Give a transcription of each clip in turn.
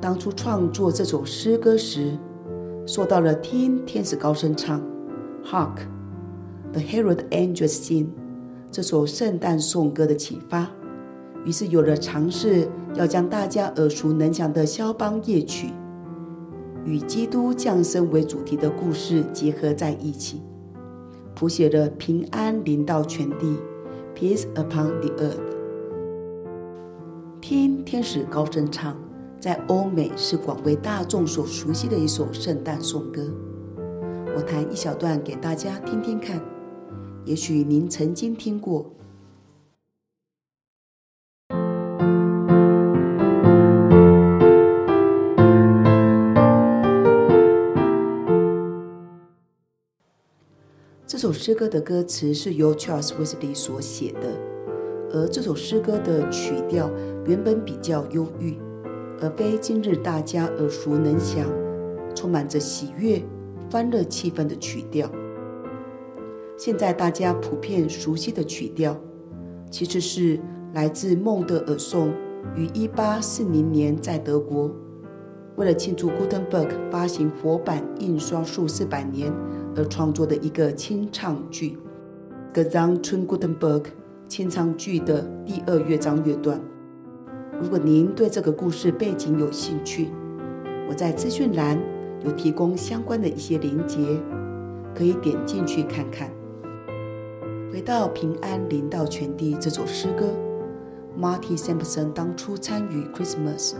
當初創作這首詩歌時，受到了聽天使高聲唱，《Hark, the Herald Angels Sing》這首聖誕頌歌的啟發，於是有了嘗試要將大家耳熟能詳的肖邦夜曲與基督降生為主題的故事結合在一起，譜寫了《平安臨到全地》（Peace upon the Earth）。聽天使高聲唱。在歐美是廣為大眾所熟悉的一首聖誕頌歌。我彈一小段給大家聽聽看，也許您曾經聽過。這首詩歌的歌詞是由 Charles Wesley 所寫的，而這首詩歌的曲調原本比較憂鬱。而非今日大家耳熟能詳、充滿着喜悅、歡樂氣氛的曲調。現在大家普遍熟悉的曲調，其實是來自孟德爾頌於1840年在德國，為了慶祝 Gutenberg 發行活版印刷術四百年而創作的一個清唱劇《Gesang zu Gutenberg》清唱劇的第二樂章樂段。如果您對這個故事背景有興趣，我在資訊欄有提供相關的一些連接，可以點進去看看。回到《平安臨到全地》這首詩歌，Marty Sampson 當初參與《Christmas: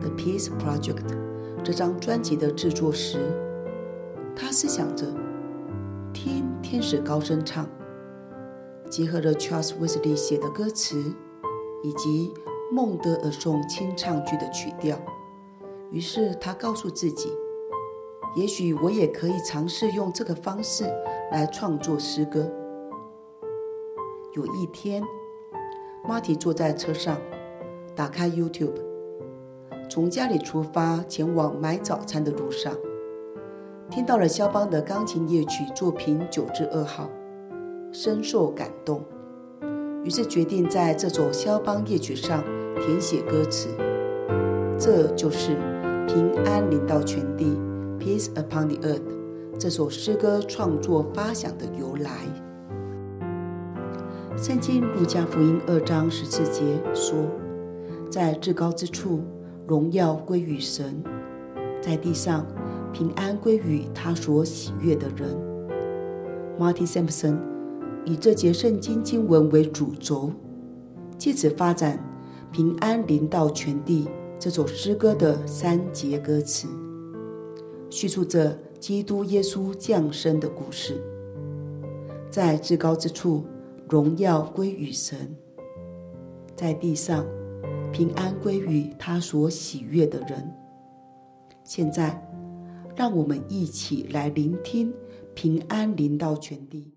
The Peace Project》這張專輯的制作時，他是想着聽天使高聲唱，結合了 Charles Wesley 寫的歌詞以及。孟德爾頌清唱劇的曲調，於是他告訴自己：“也許我也可以嘗試用這個方式來創作詩歌。”有一天，Marty 坐在車上，打開 YouTube，從家裡出發前往買早餐的路上，聽到了肖邦的鋼琴夜曲作品九至二號，深受感動，於是決定在這首肖邦夜曲上。填寫歌詞，這就是《平安臨到全地》（Peace upon the Earth） 這首詩歌創作發想的由來。聖經《路加福音》二章十四節說：“在至高之處榮耀歸於神，在地上平安歸於他所喜悅的人。” Marty Sampson 以這節聖經經文為主軸，借此發展。《平安臨到全地》這首詩歌的三節歌詞，敘述着基督耶穌降生的故事。在至高之處，榮耀歸於神；在地上，平安歸於他所喜悅的人。現在，讓我們一起來聆聽《平安臨到全地》。